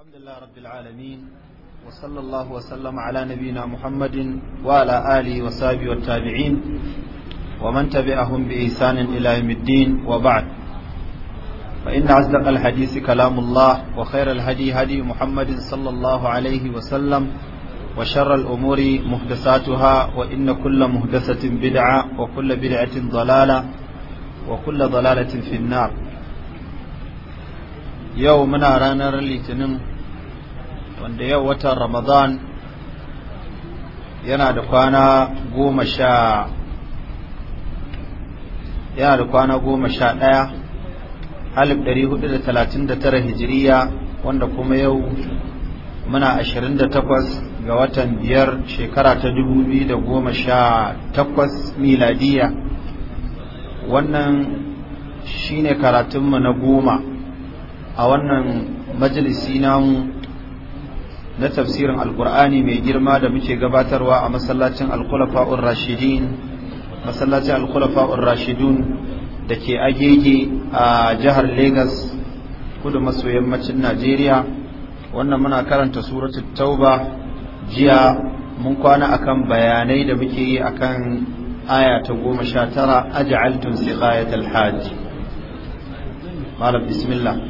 الحمد لله رب العالمين وصلى الله وسلم على نبينا محمد وعلى آله وصحبه والتابعين ومن تبعهم بإحسان إلى يوم الدين وبعد فإن أصدق الحديث كلام الله وخير الهدي هدي محمد صلى الله عليه وسلم وشر الأمور محدثاتها وإن كل محدثة بدعة وكل بدعة ضلالة وكل ضلالة في النار yau muna ranar litinin wanda yau watan ramadan yana da kwana goma sha yana da kwana goma sha ɗaya alif ɗari hudu da talatin da tara hijiriya wanda kuma yau muna ashirin da takwas ga watan biyar shekara ta dubu biyu da goma sha takwas miladiya wannan shine karatunmu na goma a wannan majalisi namu na tafsirin alkur'ani mai girma da muke gabatarwa a masallacin alkulafa'ur rashidin masallacin alkulafa'ur rashidun da ke agege a jihar Legas kudu maso yammacin najeriya wannan muna karanta suratul tauba jiya mun kwana akan bayanai da muke yi akan aya ta goma sha tara aj'altum siqayat alhajj malam bismillah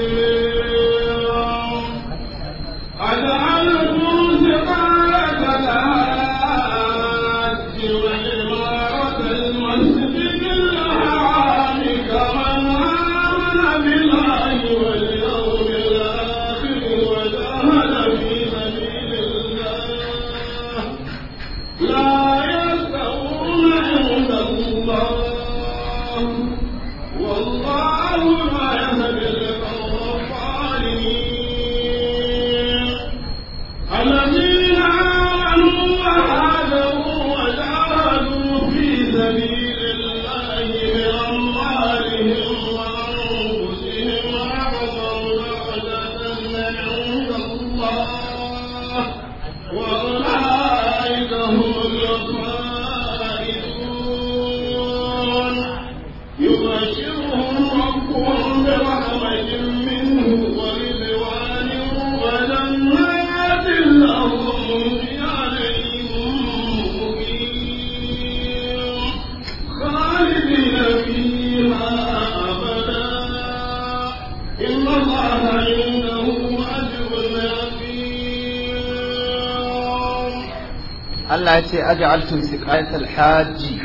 aj'altum siqayat alhaji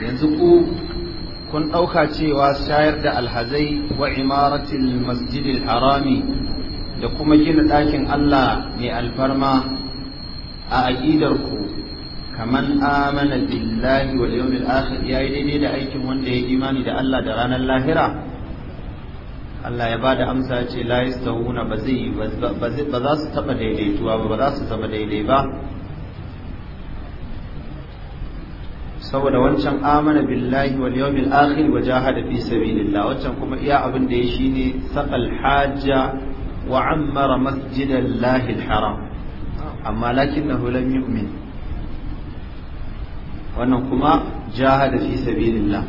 yanzu ku kun ɗauka cewa shayar da alhazai wa imaratil masjidil harami da kuma gina dakin Allah mai alfarma a ku kaman amana billahi wal yawmil akhir yayi daidai da aikin wanda ya imani da Allah da ranar lahira Allah ya bada amsa ce la yastawuna ba zai ba za su taba daidaituwa ba ba za su zama daidai ba saboda wancan amana billahi wal yawmil akhir wa jahada fi sabilillah wancan kuma iya abin da ya shine saqal hajja wa ammara masjidallahi haram amma lakinnahu lam yu'min wannan kuma jahada fi sabilillah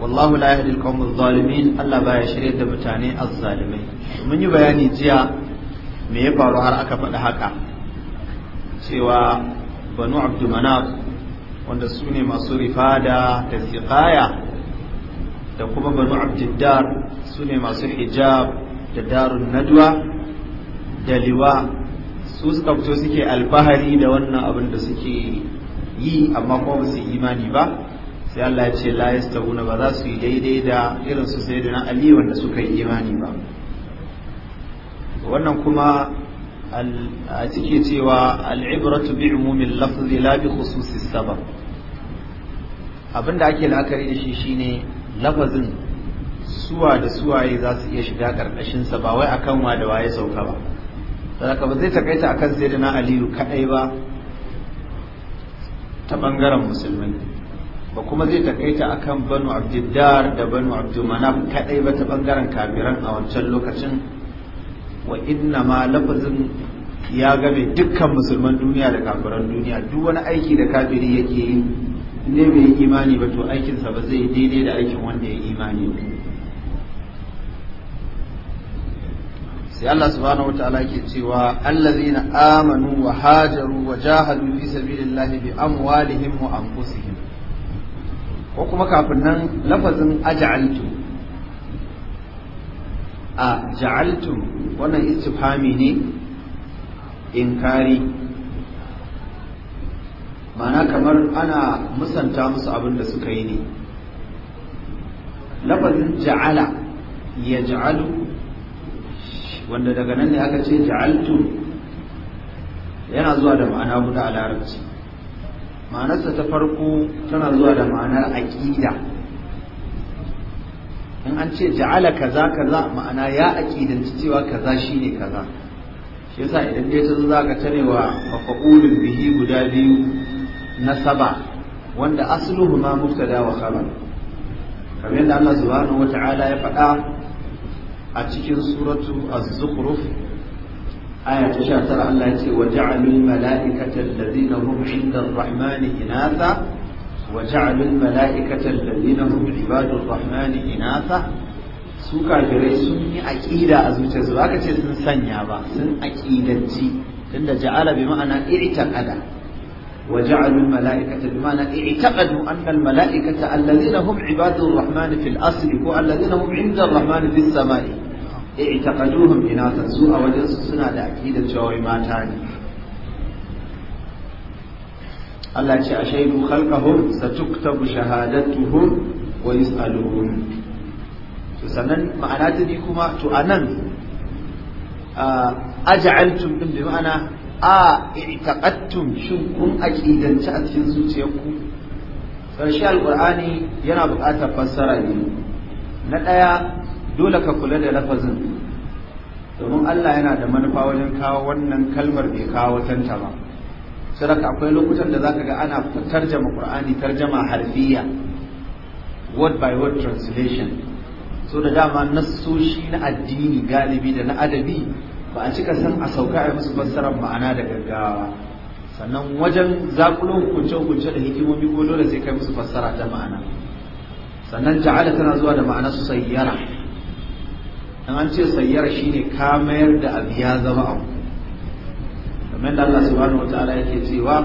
wallahu la yahdi al-qawm zalimin Allah baya shirye da mutane azzalimai mun yi bayani jiya me ya faru har aka faɗi haka cewa banu manaf wanda su ne masu rifada da siqaya da kuma banu abdiddar su ne masu hijab da darun nadwa da liwa su suka fito suke alfahari da wannan abin da suke yi amma kuma su yi imani ba sai Allah ya ce la yastawuna ba za su yi daidai da irin su sayyidina Ali wanda suka yi imani ba wannan kuma a cike cewa al'ibratu bi umumin lafzi la bi khususi sabab abinda ake la'akari da shi shine lafazin suwa da suwaye za su iya shiga karkashin sa ba wai akan wa da waye sauka ba saboda ba zai takaita akan sayyidina aliyu kadai ba ta bangaren musulmai ba kuma zai takaita akan banu abdiddar da banu abdulmanaf kadai ba ta bangaren kafiran a wancan lokacin wa inna ma lafazin ya game dukkan musulman duniya da kafiran duniya duk wani aiki da kafiri yake yi ne mai imani ba to aikinsa ba zai yi daidai da aikin wanda ya imani sai Allah subhanahu wataala ke cewa allazina amanu wa hajaru wa jahadu fi sabilillahi bi amwalihim wa anfusihim ko kuma kafin nan lafazin aj'altu a ja'altu wannan istifhami ne kari mana kamar ana musanta musu abin da suka yi ne lafazin ja'ala ya ja'alu wanda daga nan ne aka ce ja'altu yana zuwa da ma'ana guda a larabci ma'anarsa ta farko tana zuwa da ma'anar aƙida in an ce ja'ala kaza kaza ma'ana ya aqidanci cewa kaza shine kaza shi yasa idan dai tazo zaka tarewa mafa'ulun bihi guda biyu na saba. wanda asluhu ma mubtada wa khabar kamar yadda Allah subhanahu wata'ala ya faɗa a cikin suratu az-zukhruf aya ta 19 Allah ya ce wa ja'alul mala'ikata alladhina hum 'inda ar-rahmani inatha وجعلوا الملائكة الذين هم عباد الرحمن إناثا su kafirai sun yi aƙida a zuciyarsu ba ka ce sun sanya ba sun aƙidanci tunda ja'ala bi ma'ana i'taqada wa ja'alu al-mala'ikata bi ma'ana i'taqadu anna al-mala'ikata alladhina hum ibadu ar-rahman fi al-asl ko alladhina hum 'inda ar-rahman fi as-sama'i i'taqaduhum inathan su a wajen su suna da aƙidar cewa mata ne Allah ce ashaidu khalqahum satuktabu shahadatuhum wa yus'aluhum to sannan ma'ana ta bi kuma to anan aj'altum din bi ma'ana a i'taqattum shin kun aqidanci a cikin zuciyarku karshe alqur'ani yana buƙatar fassara ne na ɗaya dole ka kula da lafazin domin Allah yana da manufa wajen kawo wannan kalmar bai kawo tantama. ba saraka akwai lokutan da zaka ga ana tarjama qur'ani tarjama harfiya word by word translation so da dama nassoshi na addini galibi da na adabi ba a cika san a sauka a musu fassarar ma'ana da gaggawa sannan wajen zakulo hukunce hukunce da hikimomi ko dole sai kai musu fassara ta ma'ana sannan ja'ala tana zuwa da ma'ana su sayyara an ce sayyara shine ka mayar da abu ya zama abu kamar da Allah subhanahu wataala yake cewa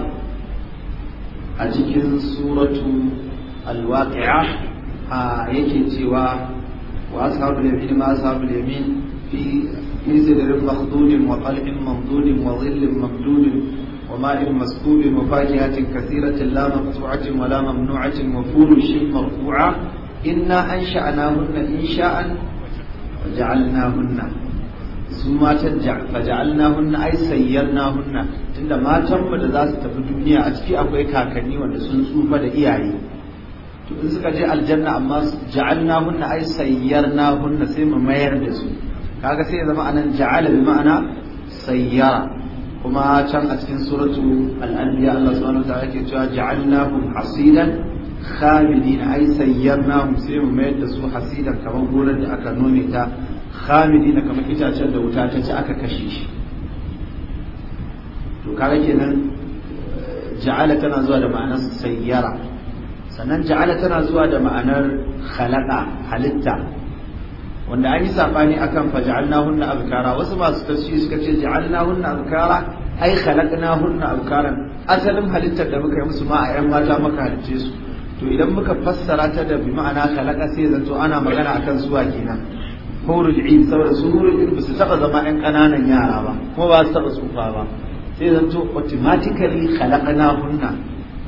a cikin suratu al-waqi'a a yake cewa wa ashabul yamin ma ashabul yamin fi fi sidrin makhdudin wa qalbin mamdudin wa dhillin mamdudin وماء مسكوب وفاكهة كثيرة لا مقطوعة ولا ممنوعة وفرش مرفوعة إنا أنشأناهن إنشاء وجعلناهن su matan faja'alnahunna ai sayyarnahunna tunda matan mu da za su tafi duniya a ciki akwai kakanni wanda sun tsufa da iyaye to in suka je aljanna amma ja'alnahunna ai sayyarnahunna sai mu mayar da su kaga sai ya zama anan ja'ala bi ma'ana sayyara kuma can a cikin suratu al-anbiya Allah subhanahu wataala ta'ala yake cewa ja'alnahum hasidan khalidina ai sayyarnahum sai mu mayar da su hasidan kamar gonar da aka nome ta na kamar itacen da wuta ta ci aka kashe shi to kaga kenan ja'ala tana zuwa da ma'anar sayyara sannan ja'ala tana zuwa da ma'anar khalaqa halitta wanda an yi sabani akan fa ja'alnahunna abkara wasu masu tafsiri suka ce ja'alnahunna abkara ai khalaqnahunna abkaran asalin halittar da muka yi musu ma a yan mata muka halicce su to idan muka fassara ta da bi ma'ana khalaqa sai zanto ana magana akan zuwa kenan hurul in saboda su hurul in ba su taɓa zama ɗan ƙananan yara ba kuma ba su taba tsufa ba sai zanto automatically khalaqnahunna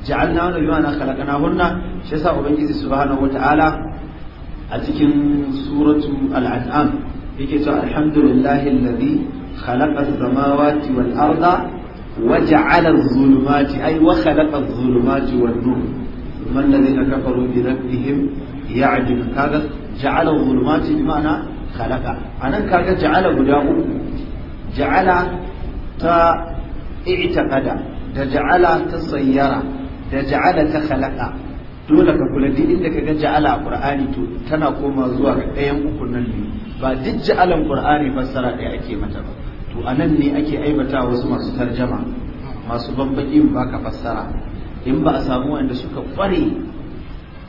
ja'alna hunna bima khalaqnahunna shi yasa ubangiji subhanahu wata'ala a cikin suratu al-an'am yake cewa alhamdulillahi alladhi khalaqa as-samawati wal arda وجعل الظلمات أي وخلق الظلمات والنور ثم الذين كفروا بربهم يعدل هذا جعل الظلمات بمعنى khalaqa anan kaga ja'ala guda uku ja'ala ta i'taqada da ja'ala ta sayyara da ja'ala ta kalaƙa dole ka kula duk inda ka ga ja'ala a qur'ani to tana koma zuwa ga ɗayan uku nan ne ba duk ja'alan qur'ani fassara ɗaya ake mata ba to anan ne ake aibata wasu masu tarjama masu bambaki ba ka fassara in ba a samu wanda suka kware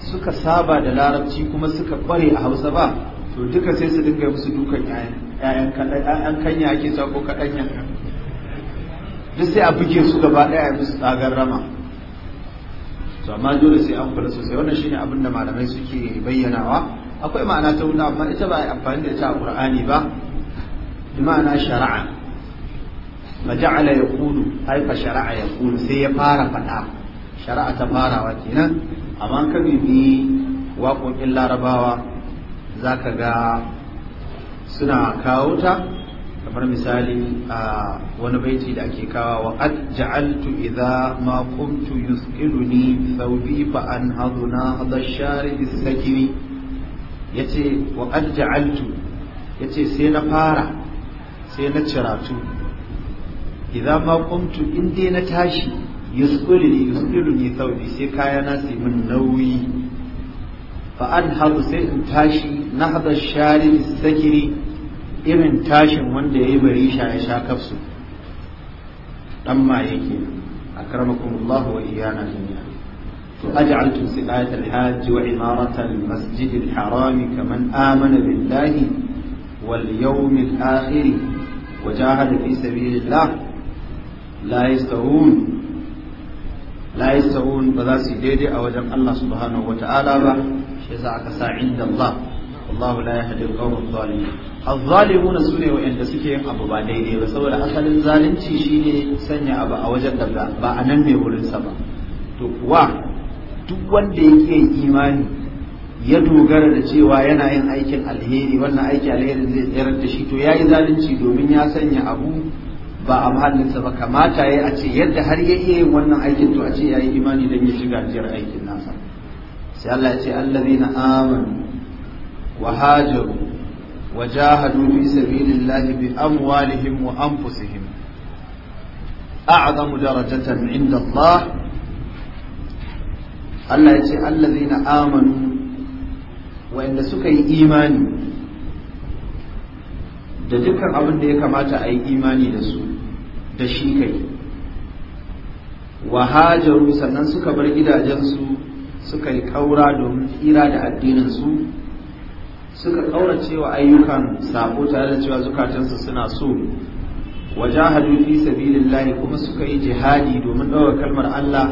suka saba da larabci kuma suka kware a hausa ba to duka sai su dinga musu dukan ƴaƴan kan kanya ake sa kaɗan yanka duk sai a buge su gaba ɗaya a musu tsagar rama to amma dole sai an kula sosai wannan shine abin da malamai suke bayyanawa akwai ma'ana ta wuna amma ita ba amfani da ita a qur'ani ba ma'ana shari'a maja'ala ya kudu haifa shari'a ya kudu sai ya fara faɗa shari'a ta farawa kenan amma kan bi waƙoƙin larabawa za ka ga suna kawo ta kamar misali a wani baiti da ake kawo wa qad ja'altu idza ma qumtu yusqiluni thawbi fa anhaduna Haduna, ash-shari bis-sakini yace wa qad ja'altu yace sai na fara sai na ciratu idza ma qumtu in dai na tashi yusqiluni yusqiluni thawbi sai kaya na su min nauyi fa Hadu, sai in tashi nahda الشارب الذكري irin tashin wanda ya yi bari sha ya sha kafsu ɗan ma yake a karamakon Allah wa iya na duniya to a ji alkin su ɗaya ta hajji wa imaratar masjidin harami kamar amana bin lahi wal yawmin akhiri wa jahar da da la sa'un ba za su daidai a wajen Allah subhanahu wa ta'ala ba shi za aka sa inda Allah Allahu la yahdi al-qawm adh-dhalimin adh-dhalimuna sune wa'anda suke yin abu ba daidai ba saboda asalin zalunci shine sanya abu a wajen da ba a nan ne wurin sa ba to kuwa duk wanda yake imani ya dogara da cewa yana yin aikin alheri wannan aiki alheri zai tsayar da shi to yayi zalunci domin ya sanya abu ba a mahallinsa ba kamata ya a ce yadda har ya iya yin wannan aikin to a ce yayi imani dan ya shiga ajiyar aikin nasa sai Allah ya ce allazina amanu وهاجروا وجاهدوا في سبيل الله بأموالهم وأنفسهم أعظم درجة عند الله الله يتي الذين آمنوا وإن سكي إيماني da dukkan abin da ya kamata a yi imani da su da shi kai wa sannan suka bar gidajensu suka yi kaura domin tsira da addininsu suka kaurace cewa ayyukan sabo tare da cewa zukatansu suna so wajahadu fi sabilillahi kuma suka yi jihadi domin ɗaura kalmar Allah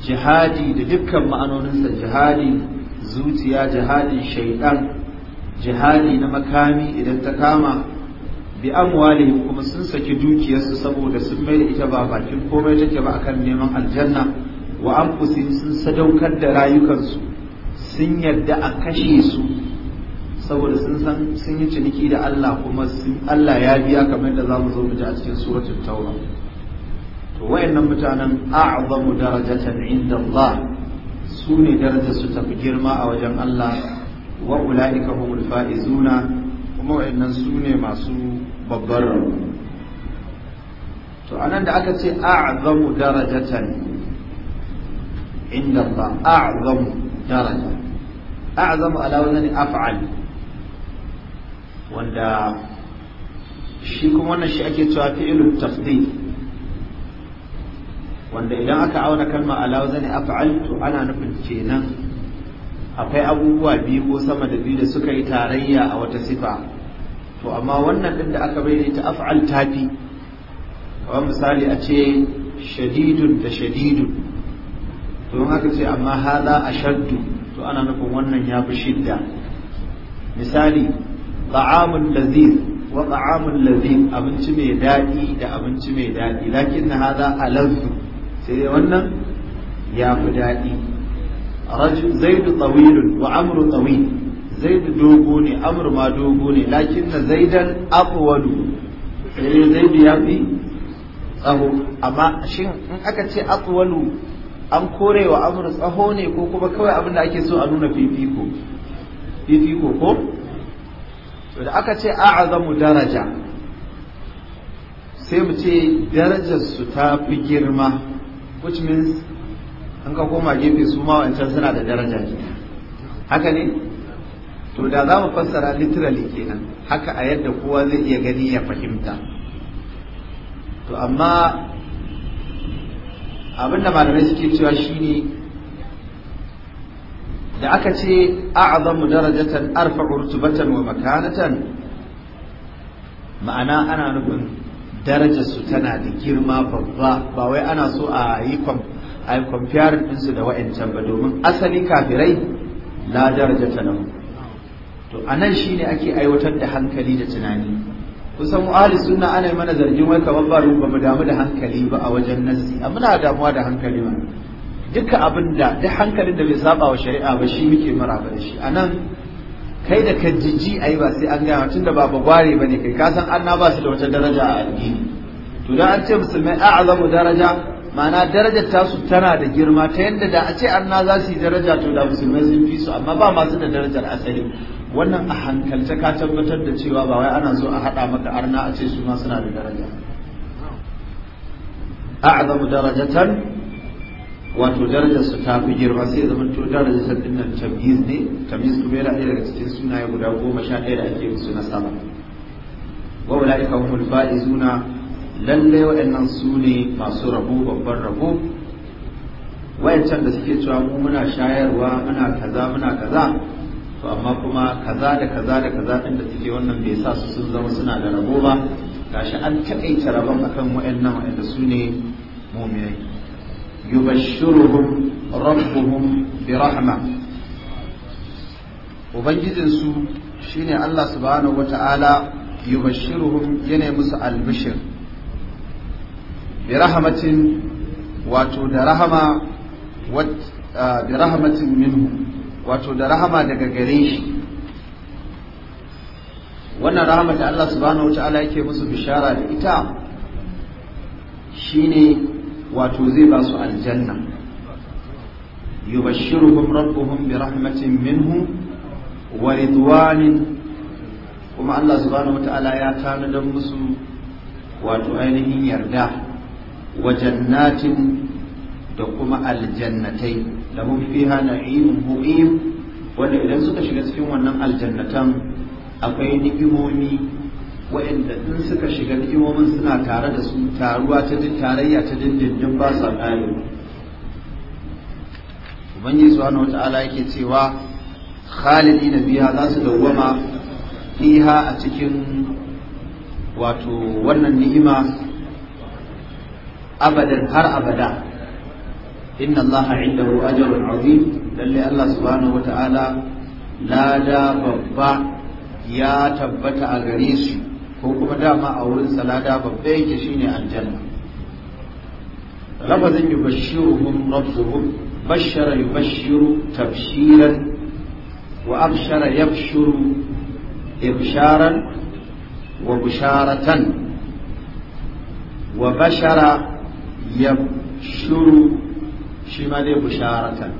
jihadi da dukkan ma'anoninsa jihadi zuciya jihadin shaidan jihadi na makami idan ta kama bi amwali kuma sun saki dukiyarsu saboda sun mai da ita ba bakin komai take ba akan neman aljanna wa anfusihim sun sadaukar da rayukansu sun yarda a kashe su saboda sun san sun yi ciniki da Allah kuma Allah ya biya kamar da za mu zo mu ji a cikin suratul tauba to wayannan mutanen a'zamu darajatan inda Allah su ne daraja su tafi girma a wajen Allah wa ulaika humul faizuna kuma wayannan su ne masu babbar to anan da aka ce a'zamu darajatan inda Allah a'zamu daraja a'zamu ala wani af'al wanda shi kuma wannan shi ake cewa fi'ilun tafdil wanda idan aka auna kalma ala zani af'al to ana nufin kenan akwai abubuwa biyu ko sama da biyu da suka yi tarayya a wata sifa to amma wannan din da aka bayyana ta af'al tafi kamar misali a ce shadidun da shadidun to in aka ce amma hada ashaddu to ana nufin wannan ya fi shidda misali ta'amul laziz wa ta'amul laziz abinci mai daɗi da abinci mai daɗi lakin na hada alazzu sai dai wannan ya fi daɗi rajul zaidu tawilun wa amru tawil zaidu dogo ne amru ma dogo ne lakin na zaidan aqwalu sai dai zaidu ya fi tsaho amma shin in aka ce aqwalu an korewa amru tsaho ne ko kuma kawai abin da ake so a nuna fifiko fifiko ko to da aka ce a'azamu daraja sai mu ce darajar su ta fi girma which means an ka koma gefe su ma wancan suna da daraja ke haka ne to da za mu fassara literally kenan haka a yadda kowa zai iya gani ya fahimta to amma abinda malamai suke cewa shine da aka ce a'zamu darajatan arfa'u rutubatan wa makanatan ma'ana ana nufin darajarsu tana da girma babba ba wai ana so a yi kwamfiyar ɗinsu da wa'ancan ba domin asali kafirai la ta nan to a nan shi ne ake aiwatar da hankali da tunani kusan mu suna ana yi mana zargin wai kamar ba mu damu da hankali ba a wajen nasi muna damuwa da hankali ba. duka abin da duk hankalin da bai saba wa shari'a ba shi muke ba da shi anan kai da ka jiji ai ba sai an gaya da ba ba ne kai ka san anna ba su da wata daraja a addini to dan an ce musulmai a'zamu daraja ma'ana darajar su tana da girma ta yadda da a ce na za su yi daraja to da musulmai sun fi su amma ba masu da darajar asali wannan a hankalce ka tabbatar da cewa ba wai ana so a haɗa maka arna a ce su ma suna da daraja a'zamu darajatan wato darajar su ta fi girma sai zama to darajar sa nan ne tamyiz kuma yana ɗaya daga cikin sunaye guda goma sha ɗaya da ake musu na sama wa ulaika humul faizuna lalle waɗannan su ne masu rabo babban rabo wayancan da suke cewa mu muna shayarwa muna kaza muna kaza to amma kuma kaza da kaza da kaza din da suke wannan bai sa su sun zama suna da rabo ba gashi an taƙaita rabon akan waɗannan waɗanda su ne mu'minai yubashshiruhum rabbuhum bi rahma ubangijin su shine Allah subhanahu wata'ala yubashshiruhum yana musu albishir bi rahmatin wato da rahama wat bi rahmatin minhu wato da rahama daga gare shi wannan rahama da Allah subhanahu wata'ala yake musu bishara da ita shine wato zai ba su aljanna yubashshiruhum rabbuhum bi rahmatin minhu wa ridwanin kuma Allah subhanahu wataala ya tanadar musu wato ainihin yarda wa jannatin da kuma aljannatai lahum fiha na'imun muqim wanda idan suka shiga cikin wannan aljannatan akwai ni'imomi waɗanda in suka shiga ni'imomin suna tare da su taruwa ta din tarayya ta dindindin ba sa ƙare ubangiji subhanahu wata'ala yake cewa khalidina biya za su dawwama fiha a cikin wato wannan ni'ima abadan har abada inna allaha indahu ajrun azim lalle allah subhanahu Ta'ala lada babba ya tabbata a gare su ko kuma dama a wurin salada babba yake shine aljanna lafazin yubashshiruhum rabbuhum bashara yubashshiru tabshiran wa abshara yabshuru ibsharan wa busharatan wa bashara yabshuru shi ma dai busharatan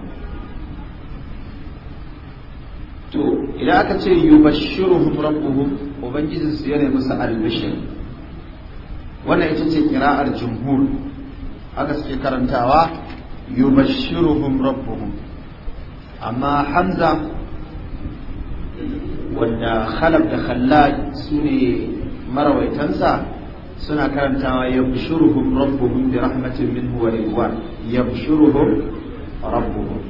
to idan aka ce yubashshiruhum rabbuhum ubangijinsu su nemi musu albishir wannan ita ce kira'ar jumhur haka suke karantawa yubashshiruhum rabbuhum amma hamza wanda khalab da khallaj sune marawaitansa suna karantawa yabshuruhum rabbuhum bi rahmatin minhu wa ridwan yabshuruhum rabbuhum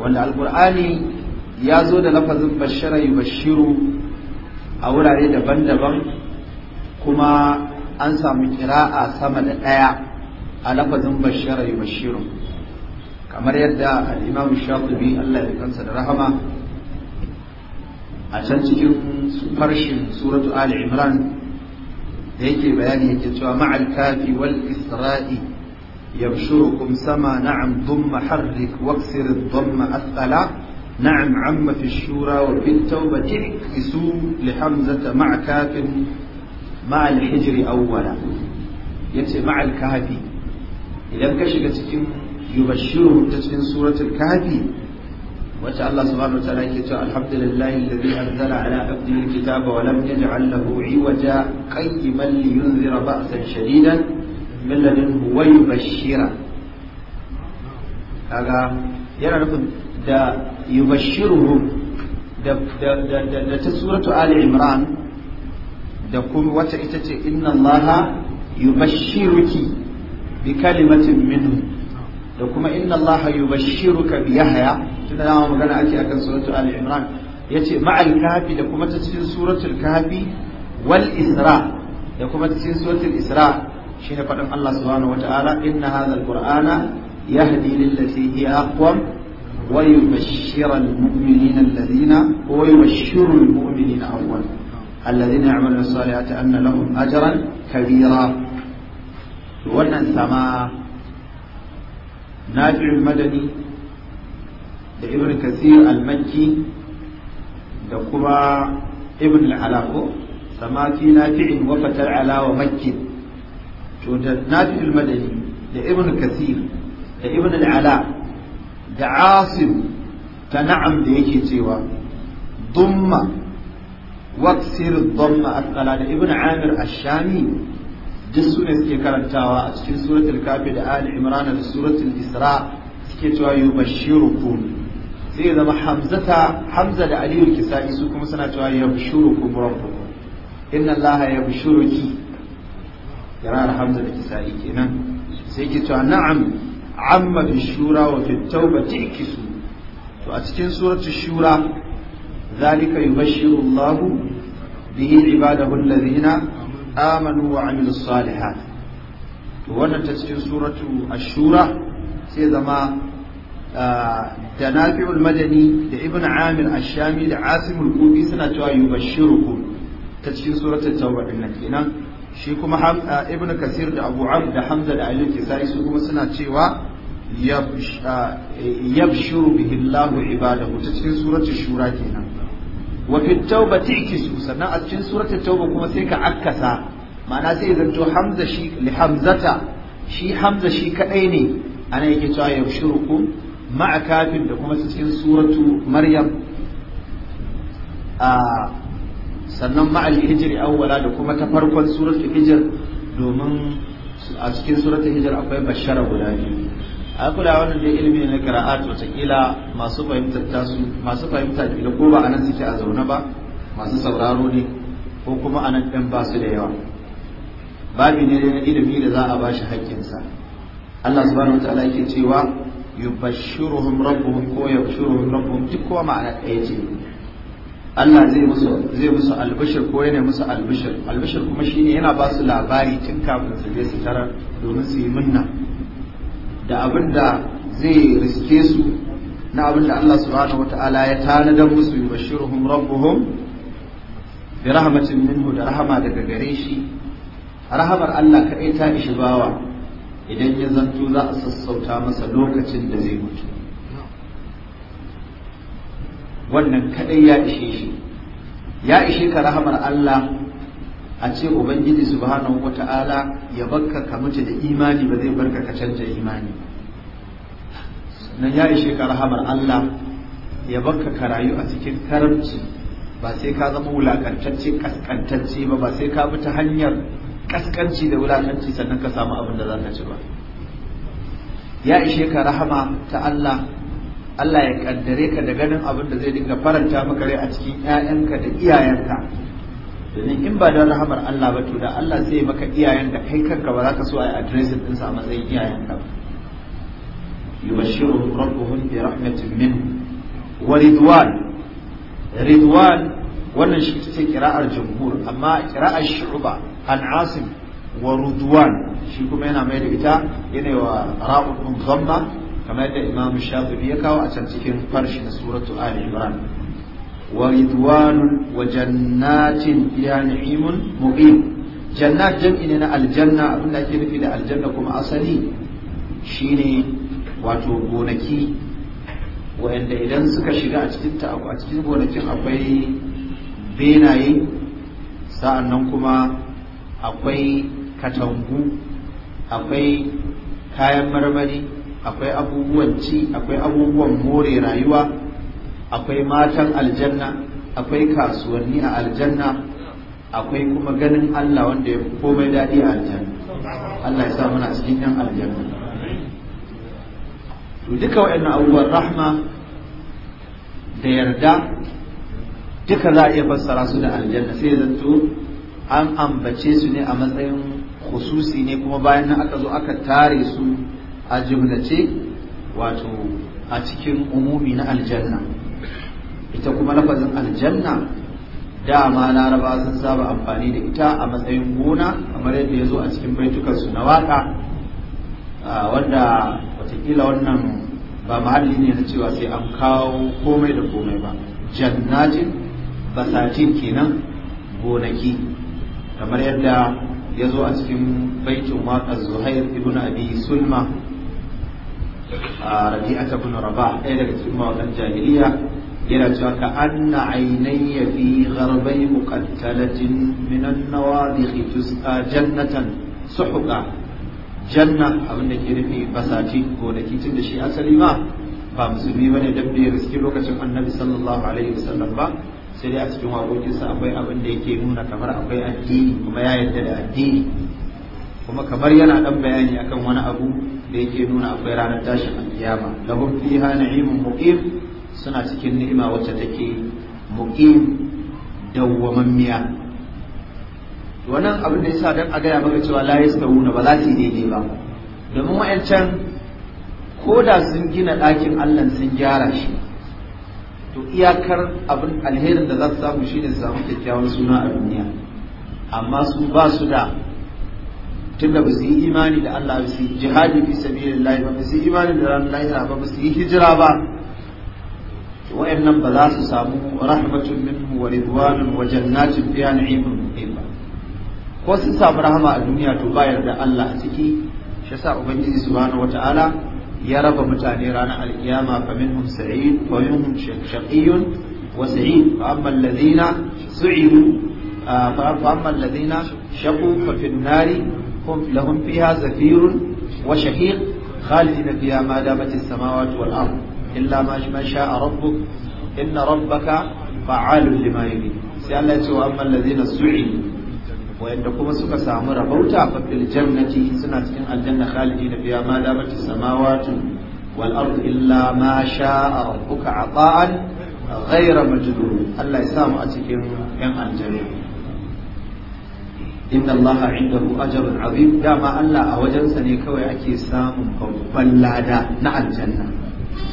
wanda alqur'ani ya zo da lafazin bashara yubashshiru a wurare daban-daban kuma an samu kira'a sama da ɗaya a lafazin bashirar bashirun kamar yadda al'imam shafi Allah ya kansa da rahama a can cikin farshin suratu ali imran da yake bayani yake cewa ma'al kafi wal isra'i yabshurukum sama na'am dhumma harrik waqsir don asqala نعم عم في الشورى وفي التوبة اعكسوا لحمزة مع كاف مع الحجر أولا يتي مع الكهف إذا كشكت يبشرهم تسمين سورة الكهف وتعالى الله سبحانه وتعالى الحمد لله الذي أنزل على عبده الكتاب ولم يجعل له عوجا قيما لينذر بأسا شديدا من لدنه ويبشر هذا يرى نفسه da yubashshiruhum da da ta suratu ali imran da kuma wata ita ce inna allaha yubashshiruki bi kalimatin minhu da kuma inna allaha yubashshiruka bi yahya da dama magana ake akan suratu ali imran yace ma'al kafi da kuma ta cikin suratul kafi wal isra da kuma ta cikin suratul isra shine faɗin Allah subhanahu wataala inna hadha alqur'ana yahdi lillati hiya aqwam ويبشر المؤمنين الذين ويبشر المؤمنين أولا الذين يعملون الصالحات أن لهم أجرا كبيرا ونثما نافع المدني لابن كثير المجي لقبا ابن العلاق سما في نافع وفت العلا ومكي نافع المدني لابن كثير لابن العلاق da asim ta na'am da yake cewa dumma waksir dumma asqala da ibn amir ashami duk su ne suke karantawa a cikin suratul kafi da ali imran da suratul isra suke cewa yubashshirukum sai zama hamzata hamza da aliyu kisai su kuma suna cewa yabshurukum rabbukum inna allaha yabshuruki kirar hamza da kisai kenan sai ke cewa na'am amma bi shura wa fi tawbati to a cikin suratu shura zalika yubashshiru Allah bihi ibadahu alladhina amanu wa amilus salihat to wannan ta cikin suratu ashura sai zama da nafi'ul madani da ibn amir ashami da asimul kufi suna cewa yubashshirukum ta cikin suratul tauba din nan kenan shi kuma uh, ibn kasir da abu da hamza da ali kisai su kuma suna cewa uh, yabshuru bihi Allahu ibadahu ta cikin surati shura kenan wa fi tawbati sannan a cikin surati tauba kuma sai ka akkasa ma'ana sai zanto hamza shi li hamzata shi hamza shi kadai ne ana yake cewa yabshurukum ma'a kafin da kuma cikin suratu maryam a uh, sannan al hijri awwala da kuma ta farkon al hijr domin a cikin al hijr akwai bashara guda biyu a kula wannan da ilimi na qira'at kila masu fahimtar tasu masu fahimta kila ko ba anan suke a zaune ba masu sauraro ne ko kuma anan dan ba su da yawa babi ne na ilimi da za a ba shi haƙƙinsa Allah subhanahu wataala yake cewa yubashshiruhum rabbuhum ko yubashshiruhum rabbuhum duk kowa ma'ana ɗaya ce Allah zai musu zai musu albishir ko yana musu albishir albishir kuma shine yana ba su labari tun kafin su je su tara domin su yi munna da abin da zai riske su na abin da Allah subhanahu wata'ala ya tanadar musu yubashshiruhum rabbuhum bi rahmatin minhu da rahama daga gare shi rahamar Allah kaɗai ta ishi bawa idan ya zanto za a sassauta masa lokacin da zai mutu wannan kadai ya ishe shi ya ishe ka rahamar Allah a ce ubangiji subhanahu wata'ala ya barka ka mace da imani ba zai barka ka canja imani nan ya ishe ka rahamar Allah ya barka ka rayu a cikin karamci ba sai ka zama wulakantacce kaskantacce ba ba sai ka bi ta hanyar kaskanci da wulakanci sannan ka samu abin da za ka ci ba ya ishe ka rahama ta Allah Allah ya kaddare ka da ganin abin da zai dinga faranta maka rai a cikin ƴaƴanka da iyayenka domin in ba don rahamar Allah ba to da Allah zai maka iyayen da kai kanka ba za ka so a yi adiresin ɗinsa a matsayin iyayenka ba rabbuhum bi rahmatin minhu wa ridwan ridwan wannan shi ce kira'ar jumhur amma kira'ar shu'ba an asim wa ridwan, shi kuma yana mai da ita yana wa ra'un zamma kamar da Imam shafi'i ya kawo a can cikin farshi na suratu ali imran wa ridwanun wa jannatin fiha ni'imun muqim jannat jam'i ne na aljanna abinda ake nufi da aljanna kuma asali shine wato gonaki wa'anda idan suka shiga a cikin gonakin akwai benaye sa'annan kuma akwai katangu akwai kayan marmari akwai abubuwan ci akwai abubuwan more rayuwa akwai matan aljanna akwai kasuwanni a aljanna akwai kuma ganin Allah wanda ya komai daɗi a aljanna Allah ya sa muna cikin yan aljanna to duka wa'annan abubuwan rahma da yarda duka za a iya fassara su da aljanna sai zanto an ambace su ne a matsayin khususi ne kuma bayan nan aka zo aka tare su a jimlace wato a cikin umumi na aljanna ita kuma lafazin aljanna dama raba sun saba amfani da ita a matsayin gona kamar yadda ya zo a cikin baitukansu na waka wanda watakila wannan ba mahalli ne na cewa sai an kawo komai da komai ba jannatin basatin kenan gonaki kamar yadda ya zo a cikin baitun waƙar zuhair ibn abi sulma Rabia bin raba ɗaya daga cikin mawakan jahiliya yana cewa ka ainihin ya fi gharbai muqattalatin min an-nawadhi tusqa jannatan suhuqa janna abin da ke nufi basati ko da kitin da shi asali ma ba musulmi bane dan ya riski lokacin annabi sallallahu alaihi wasallam ba sai dai a cikin waƙoƙinsa akwai abin da yake nuna kamar akwai addini kuma ya yarda da addini kuma kamar yana ɗan bayani akan wani abu da yake nuna akwai ranar tashin alkiyama lahum fiha na'imun muqim suna cikin ni'ima wacce take muqim miya. wannan abin da yasa dan a gaya maka cewa la yastawuna ba za su yi daidai ba domin wa'ancan ko da sun gina ɗakin Allah sun gyara shi to iyakar abin alherin da za su samu shine su samu kyakkyawan suna a duniya amma su ba su da tunda ba su yi imani da Allah ba su yi jihadi fi sabilillah ba su yi imani da ranar lahira ba ba su yi hijira ba wa'annan ba za su samu rahmatun minhu wa ridwanun wa jannatin fiha na'imun muqim ba ko su samu rahama a duniya to bayar da Allah a ciki shi yasa ubangiji subhanahu wata'ala ya raba mutane ranar alkiyama fa minhum sa'id wa minhum shaqiyyun wa sa'id fa amma alladhina su'idu ah, fa amma alladhina shaqu fa fi an-nari lahum fiha zafirun wa shahiq khalidina fiha ma damat as-samawati wal illa ma sha'a rabbuk inna rabbaka fa'alun lima yurid sai Allah ya ce wa amma allazina su'idu wayanda kuma suka samu rabauta fa fil jannati suna cikin aljanna khalidina fiha ma damat as-samawati wal illa ma Allah ya samu a cikin yan aljanna inna Allah indahu ajrun azim dama Allah a wajensa ne kawai ake samun babban lada na aljanna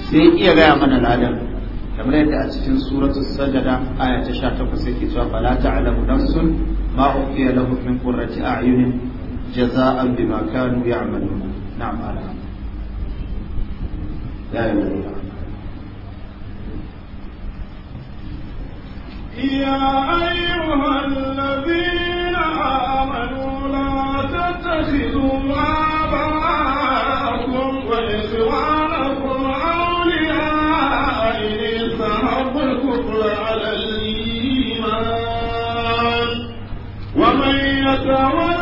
sai iya gaya mana ladan kamar yadda a cikin suratul sajada aya ta 18 yake cewa fala ta'lamu nafsun ma ufiya lahum min qurrati a'yunin jaza'an bima kanu ya'malun na'am ala la ilaha يا أيها الذين آمنوا لا تتخذوا آباءكم وإخوانكم أولياء إن استحبوا الكفر على الإيمان ومن يتولى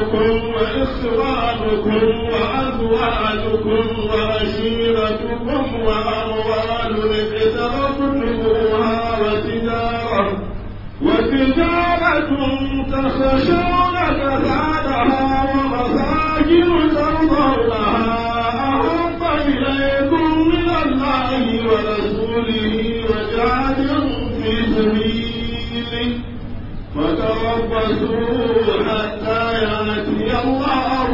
أموالكم وإخوانكم وأزواجكم وعشيرتكم وأموال اقترفتموها وتجارة وتجارة تخشون كفالها ومساجد ترضونها أحب إليكم من الله ورسوله وجاهد في سبيله فتربصوا حتى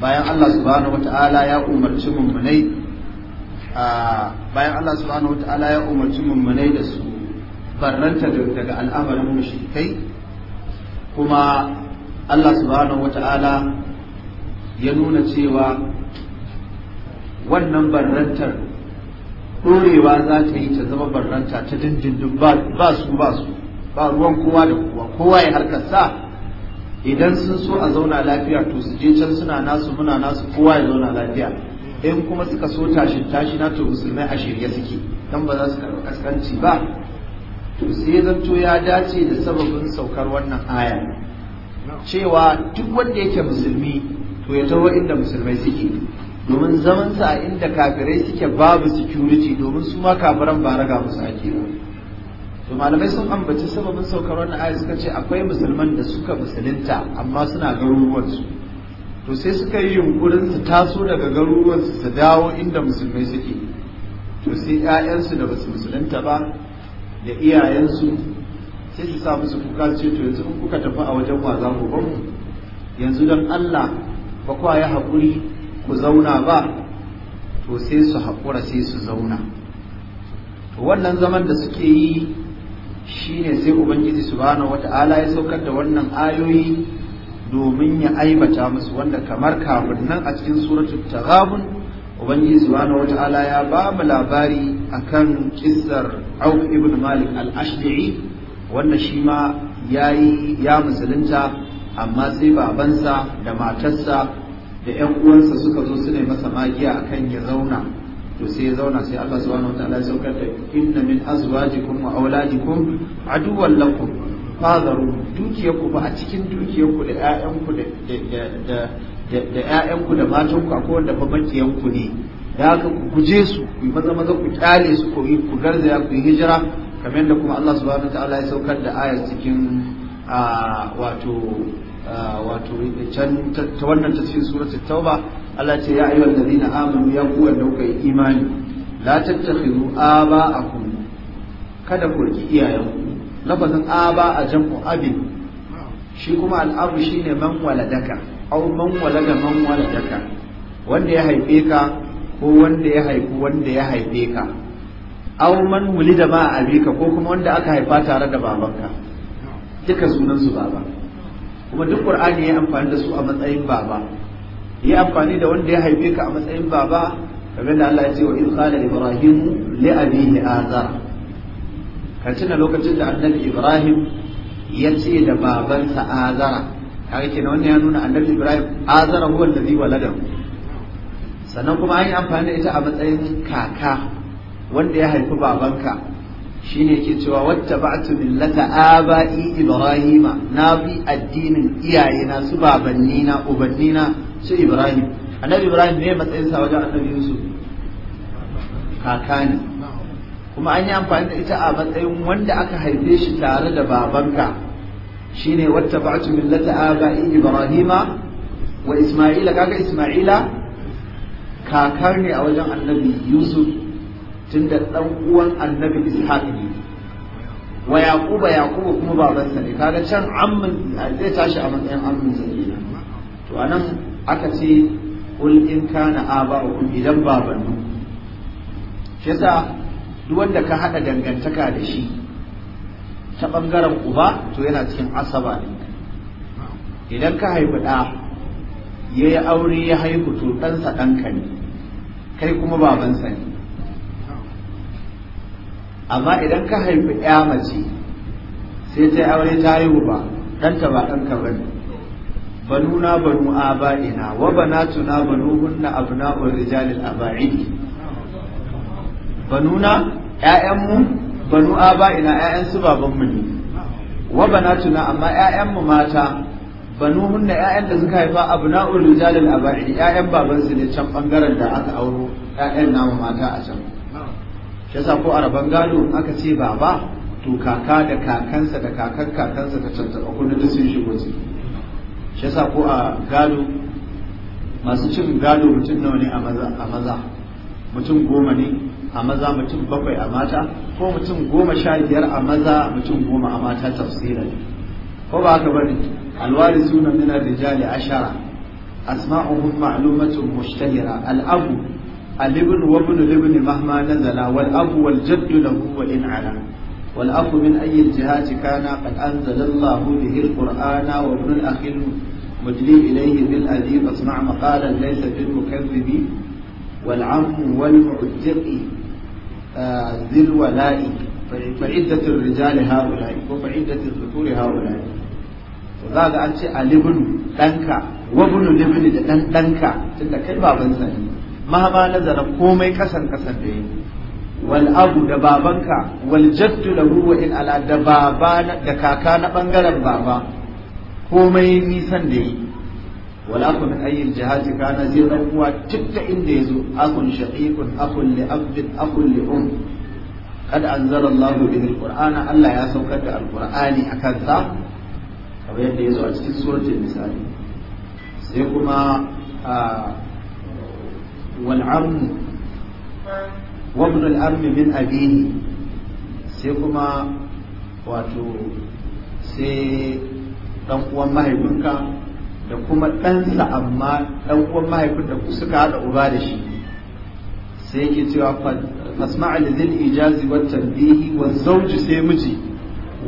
bayan Allah subhanahu wata'ala ya umarci mummunai bayan Allah subhanahu wata'ala ya umarci mummunai da su barranta daga al'amarin mushrikai kuma Allah subhanahu wata'ala ya nuna cewa wannan barrantar ɗorewa za ta yi ta zama barranta ta dindindin ba su ba su ba ruwan kowa da kowa kowa ya sa. idan sun so a zauna lafiya to su je can suna nasu muna nasu kowa ya zauna lafiya in kuma suka so tashin tashi na to musulmai a shirye suke dan ba za su karɓi kaskanci ba to sai zanto ya dace da sababin saukar wannan aya cewa duk wanda yake musulmi to ya taho inda musulmai suke domin zamansa a inda kafirai suke babu security domin su ma kafiran ba raga musu ake ba to malamai sun ambaci sababin saukar wannan aya suka ce akwai musulman da suka musulunta amma suna garuruwansu to sai suka yi yunkurin su taso daga garuruwansu su dawo inda musulmai suke to sai 'ya'yansu da basu musulunta ba da iyayensu sai su sa musu kuka ce to yanzu kuka tafi a wajen wa za ku yanzu don Allah ba kwa ya haƙuri ku zauna ba to sai su haƙura sai su zauna wannan zaman da suke yi shine sai ubangiji subhanahu wata'ala ya saukar da wannan ayoyi domin ya aibata musu wanda kamar kafin nan a cikin suratul taghabun ubangiji subhanahu wata'ala ya ba mu labari akan kissar Auf ibn Malik al-Ashja'i wanda shi ma yayi ya musulunta amma sai babansa da matarsa da 'yan uwansa suka zo su ne masa magiya akan ya zauna to sai ya zauna sai Allah subhanahu wataala ya saukar da inna min azwajikum wa auladikum aduwwan lakum fadaru dukiyarku ba a cikin dukiyarku da ƴaƴanku da da da ƴaƴanku da matanku akwai wanda fa makiyanku ne da haka ku guje su ku yi maza maza ku kyale su ku ku garzaya ku yi hijira kamar yadda kuma Allah subhanahu wataala ya saukar da ayar cikin wato wato can ta wannan ta cikin suratul tauba Allah ce ya ayyuhal ladina amanu ya ku wanda imani la tattakhidu aba'akum kada ku iyayen ku. lafazin aba a jam'u abin shi kuma al'abu shine man waladaka aw man walada man waladaka wanda ya haife ka ko wanda ya haifu wanda ya haife ka aw man wulida ma abika ko kuma wanda aka haifa tare da babanka duka sunan su baba kuma duk qur'ani ya amfani da su a matsayin baba yi amfani da wanda ya haife ka a matsayin baba kamar da Allah ya ce wa in qala ibrahim li abihi azar ka tuna lokacin da annabi ibrahim ya ce da babansa azara kaga kenan wannan ya nuna annabi ibrahim azara huwa allazi walada sannan kuma an yi amfani da ita a matsayin kaka wanda ya haifi babanka shine yake cewa batu millata aba'i ibrahima na bi addinin iyayena su babanni na ubanni su ibrahim annabi ibrahim ne matsayin sa wajen annabi yusuf kaka ne kuma an yi amfani da ita a matsayin wanda aka haife shi tare da babanka shine wata ba'atu millata aba'i ibrahima wa isma'ila kaga isma'ila kakar ne a wajen annabi yusuf tunda dan uwan annabi ishaq ne wa yaquba yaquba kuma babansa ne kaga can ammin zai tashi a matsayin ammin sa to anan aka ce kul in kana aba'ukum idan babannu shi yasa duk wanda ka hada dangantaka da shi ta bangaren uba to yana cikin asaba ne idan ka haifi ɗa ya yi aure ya haihu to ɗansa ɗanka ne kai kuma babansa ne amma idan ka haifi ya mace sai ta aure ta haihu ba ɗanta ba ɗanka ba ne banuna banu aba'ina wa banatuna banuhunna abna'ur rijalil aba'idi banuna ƴaƴanmu banu aba'ina ƴaƴan su babanmu ne wa banatuna amma ƴaƴanmu mata banuhunna ƴaƴan da suka haifa abna'ur rijalil aba'idi ƴaƴan babansu ne can bangaren da aka auro ƴaƴan namu mata a can shi yasa ko a rabon gado aka ce baba to kaka da kakansa da kakan kakansa da tattaɓa duk sun shigo ciki shi yasa ko a gado masu cin gado mutum nawa ne a maza mutum goma ne a maza mutum bakwai a mata ko mutum goma sha biyar a maza mutum goma a mata tafsira ne ko ba haka bane alwari suna min rijali ashara asma'uhum ma'lumatun mushtahira al-abu al-ibn wa ibn ibn mahma nazala wal abu wal jaddu lahu wa in ala والأخ من أي الجهات كان قد أنزل الله به القرآن وابن الأخ المدلي إليه بالأديب أصنع مقالا ليس بالمكذب والعم والمعتق ذي الولاء فعدة الرجال هؤلاء وفعدة الذكور هؤلاء وذاك أنت الابن دنكا وابن الابن دنكا تلك كلمة بنساني مهما نزل قومي كسن كسن دين wal abu da babanka wal jaddu lahu wa in ala da kaka na ɓangaren baba komai nisan da yi wal aku min ayyil jihati kana zai dan uwa tikta inda yazo akun shaqiqun akun li abdin akun li um kad anzala Allah bihi alqur'ana Allah ya saukar da alqur'ani akan sa kamar yadda yazo a cikin suratul misali sai kuma ah, wal amu wa ibn al-am min abihi sai kuma wato sai dan uwan mahaifinka da kuma ɗansa amma dan uwan mahaifin da suka haɗa uba da shi sai yake cewa fasma'a li zil ijazi wa tanbihi wa zawji sai miji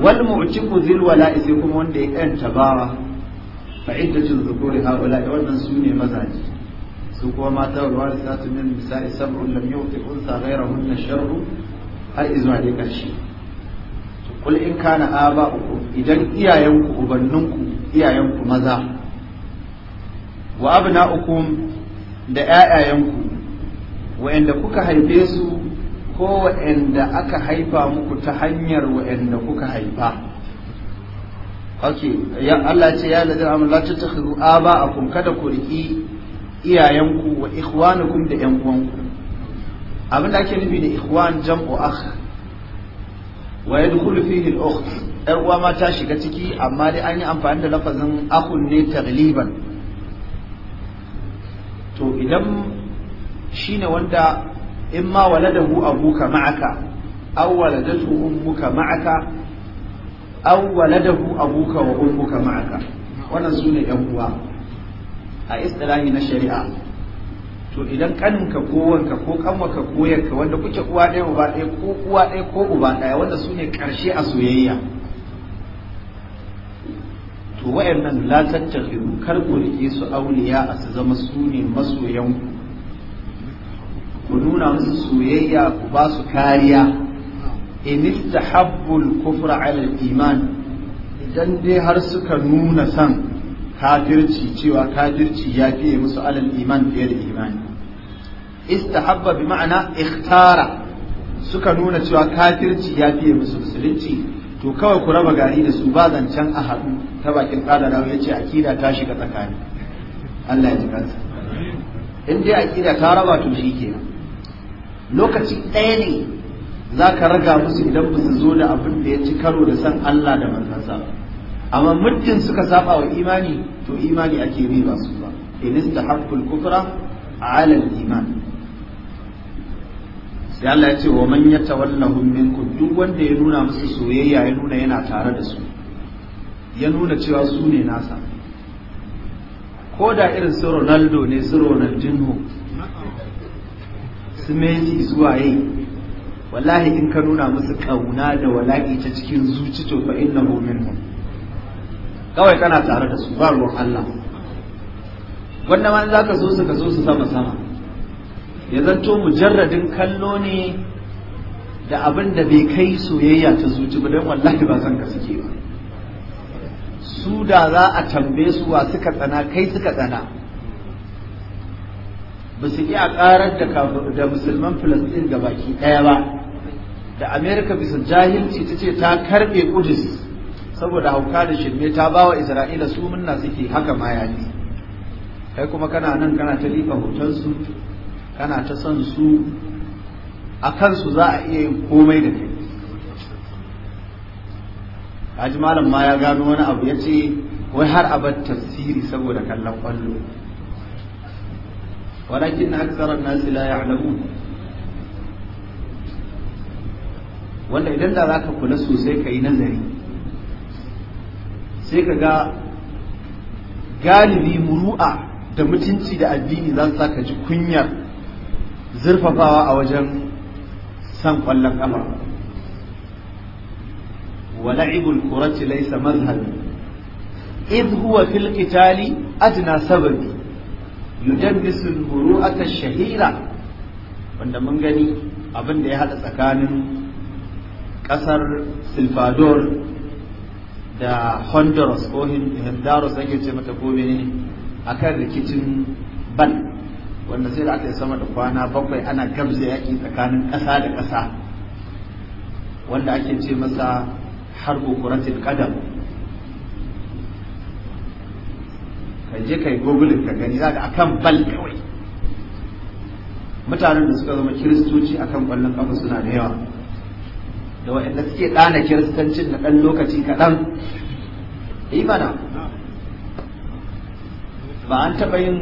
wal mu'tiqu zil wala'i sai kuma wanda ya kanta bawa fa iddatu dhukuri haula wannan su ne mazaji su kuma mata walwar sa su min nisa'i yau lam yuti unsa ghayrahunna sharru har izuwa dai karshe kul in kana aba uku idan iyayenku ubanninku iyayenku maza wa uku da ku wa'anda kuka haife su ko wa'anda aka haifa muku ta hanyar wa'anda kuka haifa okay ya Allah ce ya ladin amma la tattakhidhu a kada ku riki iyayenku wa ikhwanukum da yan uwanku abin da ake nufi da ikhwan jam'u akh wa yadkhulu fihi al-ukht yar uwa ma ta shiga ciki amma dai an yi amfani da lafazin akhun ne tagliban to idan shine wanda in ma waladahu abuka ma'aka aw waladatu ummuka ma'aka aw waladahu abuka wa ummuka ma'aka wannan sune yan uwa a istilahi na shari'a to idan kaninka ko wanka ko kanwaka ko yanka wanda kuke uwa ɗaya uba ɗaya ko uwa ɗaya ko uba ɗaya wanda su ne ƙarshe a soyayya to wayannan la tattakhidhu kar ku rike su auliya a su zama su ne masoyan ku nuna musu soyayya ku ba su kariya in istahabbu al-kufra ala iman idan dai har suka nuna san kafirci cewa kafirci ya fiye musu alal iman fiye da imani istahabba bi ma'ana ikhtara suka nuna cewa kafirci ya fiye musu musulunci to kawai ku raba gari da su ba zancen a haɗu ta bakin ƙadarawa ya ce akida ta shiga tsakani Allah ya ji kansa in dai akida ta raba to shi ke lokaci ɗaya ne za ka raga musu idan ba su zo da abin da ya ci karo da san Allah da manzansa amma muddin suka saba wa imani to imani ake yi ba su ba in istahaqqul kufra ala al-iman sai Allah ya ce wa man yatawallahum minkum duk wanda ya nuna musu soyayya ya nuna yana tare da su ya nuna cewa su ne nasa ko da irin su Ronaldo ne su Ronaldinho su Messi zuwa yi wallahi in ka nuna musu kauna da wala'i ta cikin zuci to fa innahu minhum kawai kana tare da su ba ruwan Allah wanda ma za ka so su ka so su sama sama ya zanto mujarradin kallo ne da abin da bai kai soyayya ta zuci ba don wallahi ba san ka suke ba su da za a tambaye su wa suka tsana kai suka tsana ba su iya karar da musulman filistin ga baki ɗaya ba da amerika bisa jahilci ta ce ta karɓe kudus saboda hauka da shirme ta bawa isra'ila su munna suke haka ma kai kuma kana nan kana ta lifa hotonsu kana ta son su a kansu za a iya yin komai da kai haji malam ma ya gano wani abu ya ce wai har abar tafsiri saboda kallon kwallo walakin aksarar nasi la ya'lamun wanda idan da zaka kula sosai ka yi nazari sai ka ga galibi muru'a da mutunci da addini za su saka ji kunyar zurfafawa a wajen san kwallon kafa ولعب الكرة ليس huwa إذ هو sababi. القتال أدنى سببي يدنس المروءة shahira. wanda mun gani abin da ya haɗa tsakanin ƙasar silvador da honduras ko honduras ake ce mata ko ne a kan rikicin ban wanda sai da aka yi sama da kwana bakwai ana gamsa yaƙi tsakanin ƙasa da ƙasa wanda ake ce masa har kuratul qadam ka je kai google ka gani za a kan bal kawai mutanen da suka zama kiristoci a kan ƙwallon ƙafa suna da yawa da waɗanda suke ɗana kiristancin na ɗan lokaci kaɗan imana ba an taɓa yin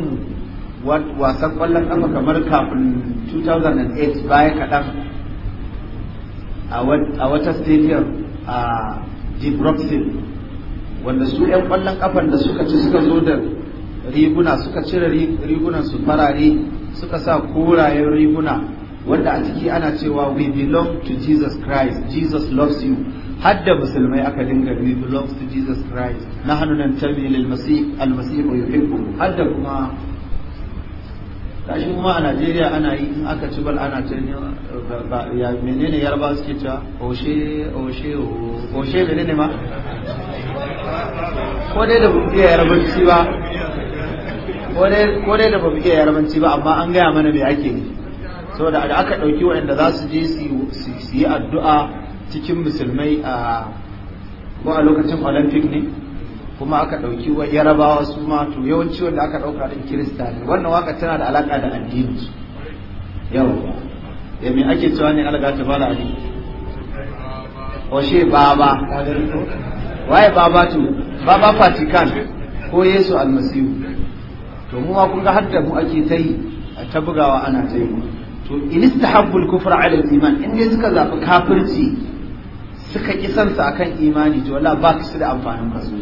wasan ƙwallon ƙafa kamar kafin 2008 baya kaɗan a wata stadium a Dibroxin wanda su 'yan ƙwallon ƙafan da suka ci suka zo da riguna suka cire rigunan su farare suka sa korayen riguna wanda a ciki ana cewa we belong to Jesus Christ Jesus loves you hadda musulmai aka dinga we belong to Jesus Christ nan tabi lil masih al masih yuhibbu hadda kuma kashi kuma a Najeriya ana yi in aka ci bal ana ta ya menene yarba suke cewa, oshe oshe oshe menene ma ko dai da ba iya yarbanci ba ko dai da ba iya yarbanci ba amma an gaya mana me ake yi saboda da aka ɗauki waɗanda za su je su yi addu'a cikin musulmai a ko a lokacin olympic ne kuma aka ɗauki wa yarabawa su ma to yawanci wanda aka ɗauka ɗin kirista ne wannan waka tana da alaƙa da addini yau ya me ake cewa ne alaƙa ta bala ali oshe baba waye baba to baba fatikan ko yesu almasihu to mu ma kun ga hadda mu ake ta yi ta bugawa ana ta yi to in istahabbul kufra ala iman in dai suka zafi kafirci suka ki san sa akan imani to wallahi ba su da amfanin su.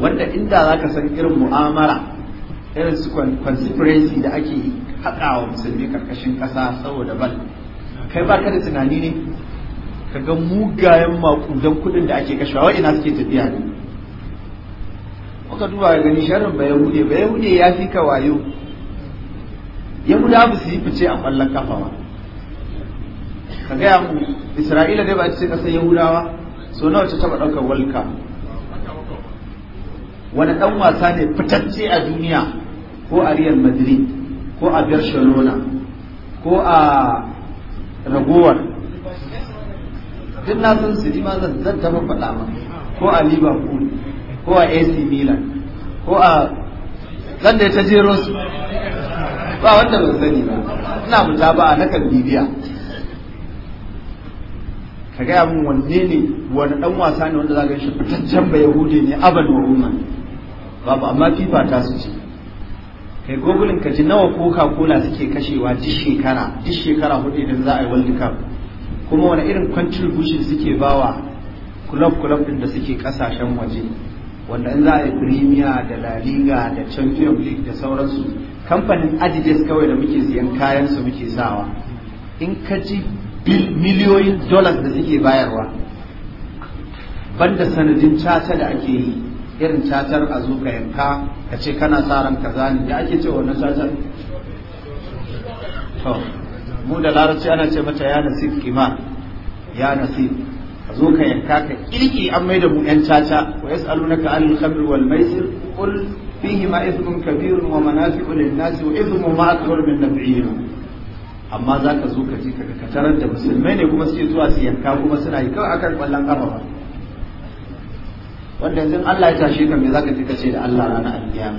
wanda inda zaka san irin mu'amala irin su conspiracy da ake haɗawa musulmi karkashin ƙasa saboda bal kai ba ka da tunani ne ka ga mugayen makudan kuɗin da ake kashewa wa'ina suke tafiya ne ka duba gani sharrin ba hude ba yahude ya fi ka wayo yahuda ba su yi fice a ƙwallon kafa ba ka gaya mu isra'ila dai ba ce ƙasar yahudawa so nawa ta taɓa ɗaukar walka wani ɗan wasa ne fitacce a duniya ko a real madrid ko a barcelona ko a ragowar duk na san su ma zan taɓa faɗa ma ko a liverpool ko a ac milan ko a zan da ta jero su ba wanda ba sani ba ina fita ba a nakan bibiya ka gaya min wanne ne wani dan wasa ne wanda za ka shi fitaccen ba yahudi ne aban wa umman babu amma fifa ta su ce kai gogulin ka ji nawa coca cola suke kashewa duk shekara duk shekara hudu idan za a yi world cup kuma wani irin contribution suke bawa club club din da suke kasashen waje wanda in za a yi premier da la liga da champion league da sauransu kamfanin adidas kawai da muke siyan kayan su muke sawa in ka ji miliyoyin dollars da suke bayarwa banda sanadin caca da ake yi irin cacar a zo ka yanka ka ce kana sa ran kaza ne da ake cewa wannan cacar to mu da larabci ana ce mata ya nasib kima ya nasib a zo ka yanka ka kirki an mai da mu yan caca wa yas'alunaka anil khamri wal maisir qul ma ithmun kabirun wa manafi'u lin nasi wa ithmu ma akbar min naf'ihima amma za ka zo ka ji ka katarar da musulmai ne kuma suke zuwa su yanka kuma suna yi kawai akan kwallon kafa ba wanda yanzu Allah ya tashe ka me za ka ji ka ce da Allah ranar alkiyama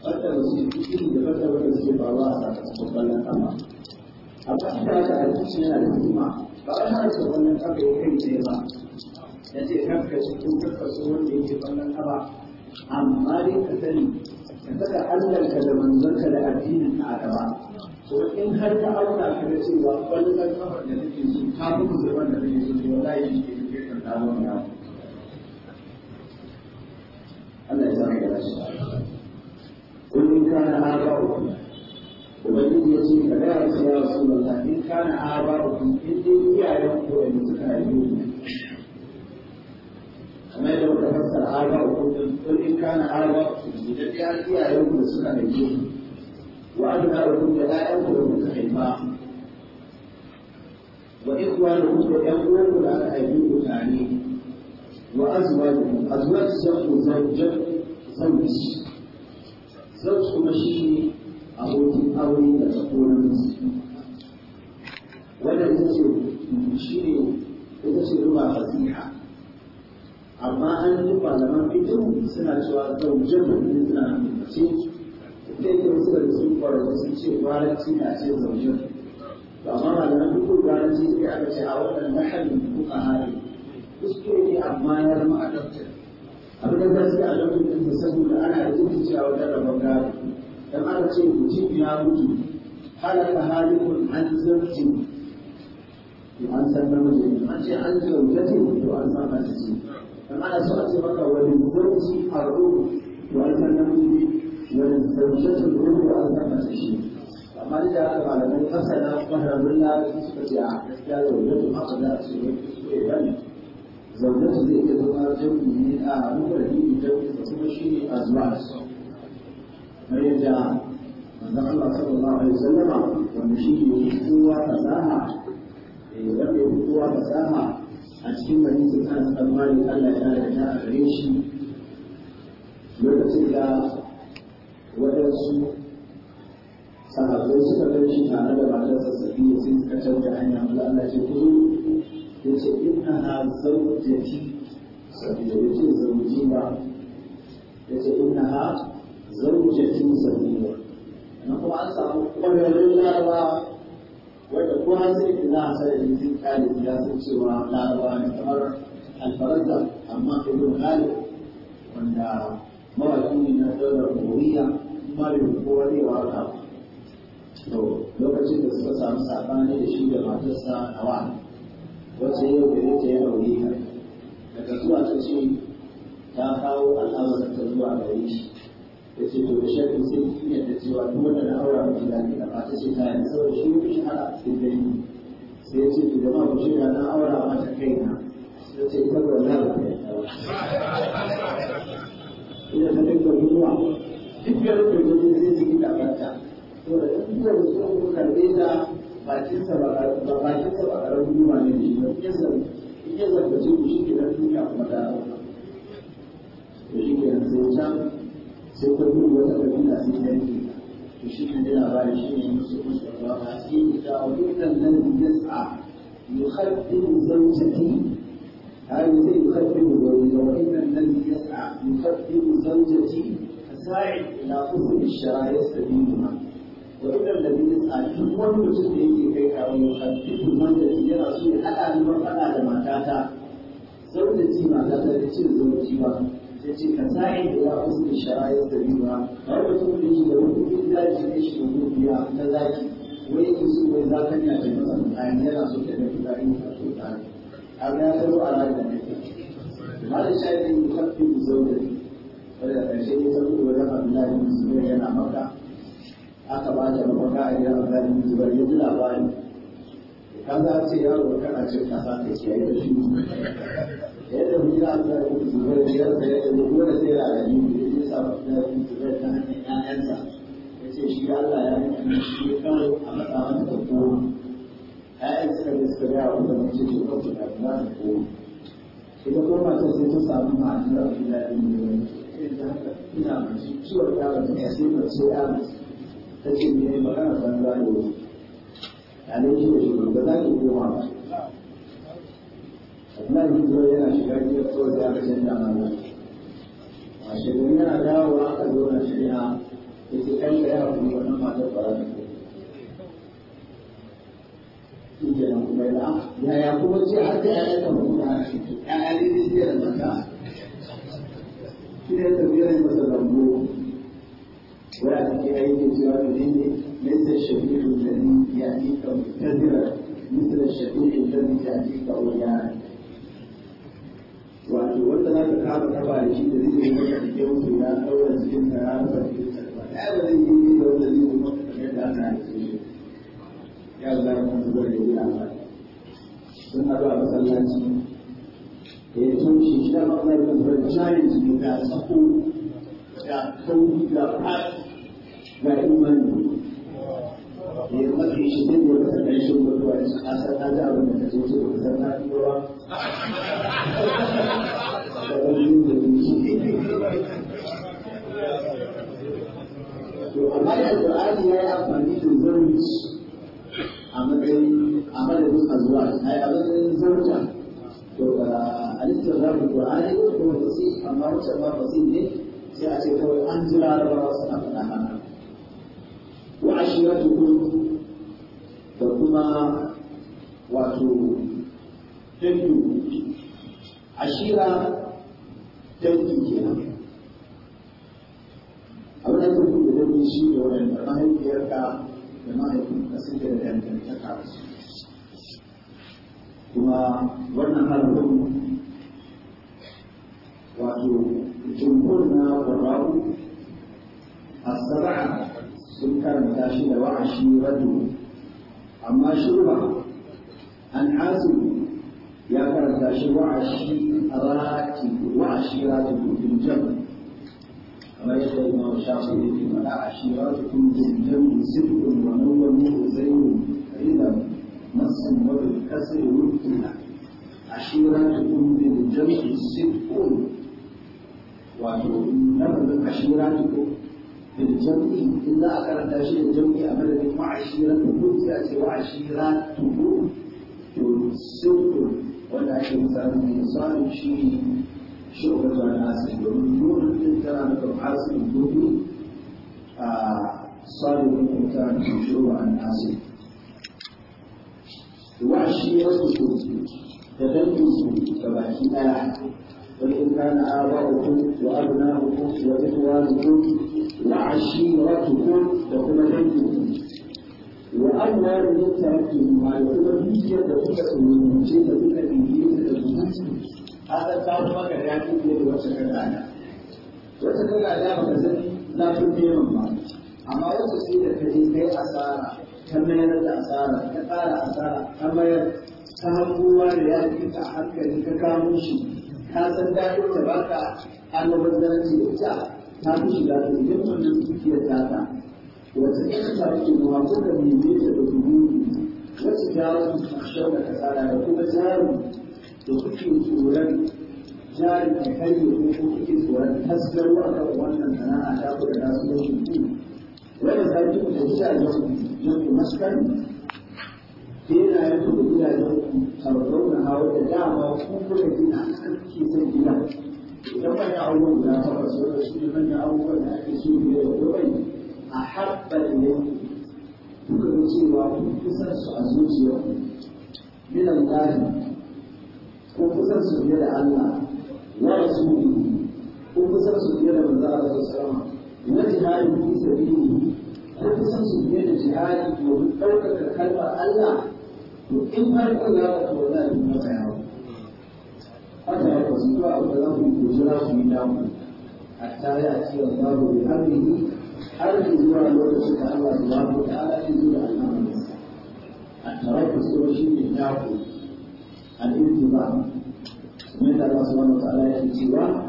fata da suke cikin da fata wanda suke faruwa a sakamakon ballon kama a basu da haka alkuci yana da hikima ba a hana su wannan kama ya kai tsaye ba ya ce kanka su kun karkasu wanda yake ballon kama amma dai ka sani ka saka allahnka da ka da addinin ka a gaba to in har ka auna ka ga cewa ballon kama da nake so ka fi musulman da nake so to wallahi shi ke kai kan dawo Allah ya zama da rashin قل إن كان آباؤكم وبني يسوع كذا يا رسول الله إن كان آباؤكم إن يا يوم أن تكلمون kamar yadda muka fassara arba hukumin kun kana arba hukumin da ya iyayen ku da suka haife ku wa adna da ƴaƴan ku da kuka haifa wa ikhwan zauci kuma shi ne abokin aure da tsakonin musu wanda ita ce shi ne ita ce ruba fasiha amma an yi malaman fitin suna cewa zaujin mutum suna amince da yake suka da sun kwararru sun ce gwaranci na ce zaujin to amma malaman fitin gwaranci sai aka ce a wannan nahalin kuka hari kuskure ne amma ya zama adaptar Abin da gaske a lokacin da da ana da zuci a wajen rabon gado dan aka ce mutum ya mutu halaka halikun an zarce to an san namiji an ce an zaujati to an san mace ce dan ana so a ce maka wani zarci a ruhu to an san namiji ne wani zaujati ruhu to an san mace ce amma da aka malamai masana maharabin na suka ce a gaskiya zaujati haka za a ce wani kuskure ba ne zaune zai iya zama jami'i ne a mufardi ne jami'i da kuma shi ne a zuwa azwaj kamar yadda manzon Allah sallallahu alaihi wasallama wanda shi ne kowa fasaha eh, wanda ya fi kowa fasaha a cikin bani su kan tsammani Allah ya da ta a gare shi lokacin da waɗansu sahabbai suka gan shi tare da matarsa sabiya sai suka canja hanya wanda Allah ce ku ya ce ina ha zaujati sabida ya ce zauji ba ya ce ina ha zaujati ba? na kuma an samu ƙwararrun laraba wanda ko an sai da za a sa da mutum kalin ya san cewa laraba ne kamar alfaransa amma ibn khalid wanda mawaƙi ne na daular koriya kuma bai kowa zai waka to lokacin da suka samu saɓani da shi da matarsa nawa wacce yau da yau ta yi aure daga zuwa ta ce ta kawo al'amarin ta zuwa gare shi ya ce to da shakkin sai kin yadda cewa duk wanda na aura miki da ni ba ta ce ta yi saboda shi ne shi hada cikin dani sai ya ce to jama'a ku shi na aura mata kaina sai ce ita ba na ba ina ta dukkan ruwa duk garin da zai zai da bata saboda duk da su karbe ta bakinsa ba bakinsa ba ƙarar ruwa ne da shi ba in ya zargace ku shi ke nan duniya kuma ta hauka shi ke nan sai can sai ta gudu wata kabila sai ta yanke to shi kan yana ba da shi ne musu musu ba ba sai ya ta dukkan nan yas'a yukhaddim zawjati هذا yi يخدم زوجته وإن الذي يسعى يخدم زوجتي فساعد إلى قصر الشراء يستبينها farko mutum da yake kai kawo hadisin wanda yana so ya haɗa ni mafaɗa da matata da ji matata da cin zauci ba sai ce ka sa'i da ya wasu da shara'ayar da riba har mutum da yake da wani kuɗin da shi da gobiya ta zaki wai in so wai zakanya da masa mutane yana so ta da fitari ta so ta a ga ya zama a ranar da ke malam shafi ne kafin zaune wadda ƙarshe ya tabbata wajen abdullahi musulmi yana maka aka ba da mafaka a gidan alƙalin zubar ya ji labari ka za ce yaro a cikin kasa ka ce ya shi yadda mu yi alƙalin zubar ya yadda sai ya zubar ta hanyar ƴaƴansa ya ce shi Allah ya yi shi kawai a matsayin da kowa ƴaƴan suka suka gaya wanda mace ce kawai da kuma da sai sai ta samu ma'anar da ya yi da haka ina mai ciwon yaron da ya sai mace ya mace ta ce ne magana san za ne wasu a nan shi da shugaba za ki biyo ma nan hijiro yana shiga gida kawai da aka canza mana a shekaru yana dawowa aka zo na shirya ya ce ɗan da yawa kuma wannan matar fara da ku shi ke nan kuma ya yaya kuma ce har da yaya kan kuma da shi yaya ne ne jiya da mata shi ne tafiyar masa lambu ولكن كأيدي سؤال الهند ليس الشفيق الذي يأتيك مبتدرا مثل الشفيق الذي يأتيك أوليانا وأنتو قلت لك كعب كعب على شيء تريد أن يكون في الناس أو أن تكون في الناس أو أن تكون في الناس أو أن تكون في الناس أو أن تكون في الناس أو أن تكون في الناس سنة الله عليه وسلم يتم شجاع مقنع من فرنشايز من كان صحو كان صوبي كان حاسس na imani ya to amma da Qur'ani ba fasi ne sai a ce kawai an jira rawa suna faɗa haka ashiratukum da kuma wato dandu ashira dandu kenan abin da ke da dandu shi da wadanda mahaifiyarka da mahaifinka suke da dangantaka kuma wannan harafin wato jumhur na ƙwararru a sara'a sun karanta shi da wa'ashi radu amma shurba an hasu ya karanta shi wa'ashi rati wa'ashi rati bin jam kamar yadda imam shafi ya ke faɗa a shi rati kun bin jam sirrin wa nawwan mu'zainu idan masan wa bil kasri wurtuna ashiratukum bil jam'i sirrin wato nan da ashiratukum bin jam'i in za a karanta shi da jam'i a madadin wa'ashirar da kuma sai a ce wa'ashirar da kuma to sukur wanda ake misali mai misalin shi ne shugaba na domin nuna din tana da kuma asali domin a salin da kuma tana da shugaba na asali wa'ashirar da da dangin su da baki daya wani kana abawa kuma wa'adunan kuma wa'adunan kuma na ashirar tuku da kuma dangin wa an na da yadda ya ke ma da kuma dukiyar da suka tsammanci da suka bibiyar da da zuwa a tsakar magana ya fi fiye da wata kadana wata kadana ba ka zani na fi neman ba amma wata sai da ka je kai asara ta mayar da asara ta kara asara ta mayar ta hankuwa da ya fi ka hankali ka kamo shi ka san daɗin da ba ka annabar zanci da ita ta fi shiga ta wannan dukiyar ta ta wata ta ta fi ruwa ta da neme ta da gudunmu wacce ta yi kushar da kasara da kuma jari da kuke tsoron jari da kai da kuma kuke tsoron tasgarwa a kan wannan sana'a ta ku da nasu da shi ku wanda ta fi kuka shi a yau don ku maskar yana yin da gidajen ku karɓar na hawa da dama kuma kuna gina a kan kuke son gina idan ba ya abubuwa guda takwas wanda su ne manyan abubuwan da ake so ne da yawai a harbar ne. kuka ga cewa kusan su a zuciya minan lahi ko kusan su fiye da Allah wa rasuli ko kusan su fiye da manzo Allah sallallahu alaihi Na ko kusan su fiye da jihadi domin ɗaukaka kalmar Allah to in farkon ya ka to wannan ne mata ba abu da za ku yi yi damu zuwa lokacin da Allah subhanahu wa ta'ala ya zuwa al'amarin a tarakku so shi ne daku al-intiba da Allah ta'ala ya cewa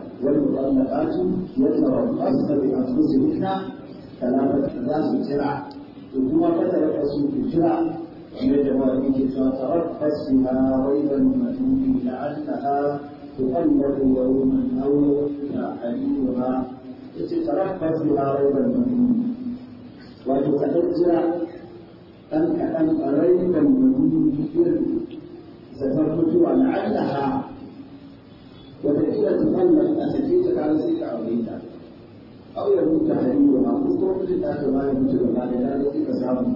za su jira to kuma kada ka su jira kamar da ke cewa تقلب يوما أو تعقليها تتركز يا ريب المؤمنين وتتفجع أن أن ريب المؤمنين كثير ستربط ولعلها وتأتي تقلب أتتيت على سيد عبيدة أو يموت حبيبها مصدر في الآخر ما يموت بعد ذلك فسام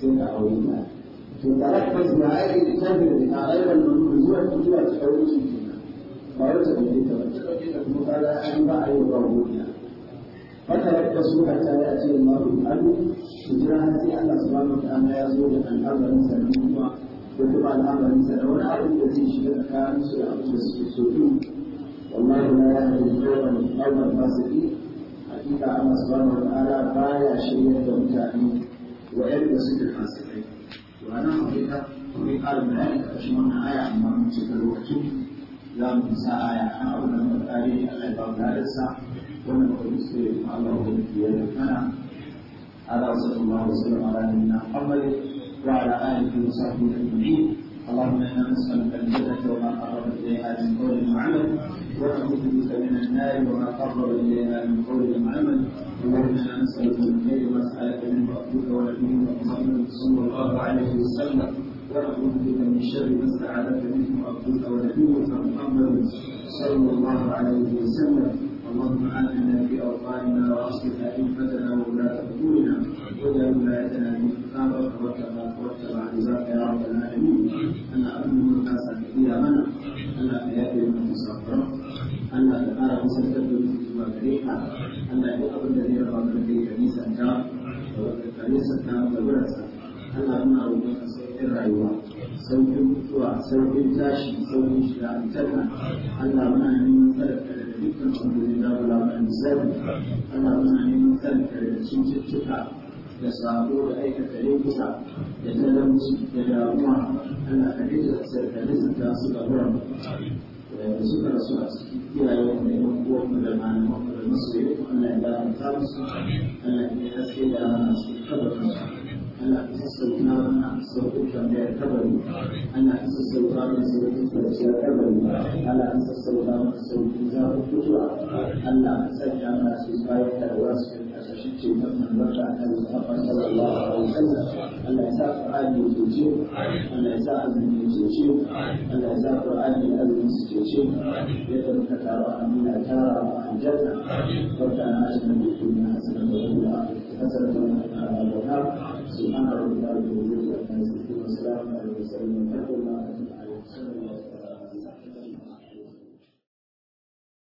سيد عبيدة تتركز معي تنتظر على ريب المؤمنين زوجة تجوع تحويل ba wata ɗauke ta ba ta ɗauke ta kuma kaga an ba a yi ba godiya wata da ta ya ce ma ku alu ku jira har sai Allah subhanahu wa ta'ala da al'amarin sa da kuma ko kuma al'amarin sa da wani abu da zai shiga tsakanin su da abu su so din wallahi la yahdi qawman qawman hakika Allah subhanahu wa ta'ala baya shirya da mutane wa'anda suke fasikai to anan hakika kuma ƙarin bayani a ƙarshen wannan aya ta za mu sa aya kan abin da muka kare Allah ya ba mu ladarsa wannan muka kuskure kuma Allah ya yi ya kana Allah sallallahu alaihi ta yi nabiyina Muhammad wa ala alihi wa sahbihi ajma'in اللهم انا نسالك الجنه وما قرب اليها من قول وعمل ونعوذ بك من النار وما قرب اليها من قول وعمل اللهم انا نسالك الخير ما سالك منه عبدك yi محمد صلى الله عليه وسلم واعوذ بك من شر ما استعاذك منه عبدك ونبيك محمد صلى الله عليه وسلم اللهم امنا في اوطاننا واصلح ائمتنا وولاة امورنا واجعل من خطابك وكما توكل يا رب العالمين انا ارجو الناس كثيرا انا في هذه المسافره انا تقارب مسجد بريئة أن الأب الذي رغب به أنيسا جار وليس كان ولدا أن أبناء sauƙin rayuwa sauƙin mutuwa sauƙin tashi sauƙin shiga aljanna Allah muna neman sarka da dukkan tambayoyi da bulaman zabi Allah muna neman sarka da cututtuka da sabo da aikata laifuka da talauci da damuwa Allah ka dinga da zanta su ga wurin da suka rasu a cikin iyayen da yan uwan da malaman da masoyi Allah ya masu mu Allah ya haske da su Allah ka sassauta mana sauƙin tambayar kabari Allah ka sassauta mana sauƙin kwanciyar kabari Allah ka sassauta mana sauƙin zafin mutuwa Allah ka sanya masu su bayan tarwa su yi kasashen ceton manzon da aka yi zafa sallallahu alaihi wasallam Allah ya sa Qur'ani ya cece Allah ya sa azumi ya cece Allah ya sa Qur'ani ya azumi su cece yadda muka taro a nuna tara a aljanna barka na ajin da duniya hasanatu wa hasanatu wa a wa سبحان ربك رب العزة عما يصفون وسلام على المرسلين والحمد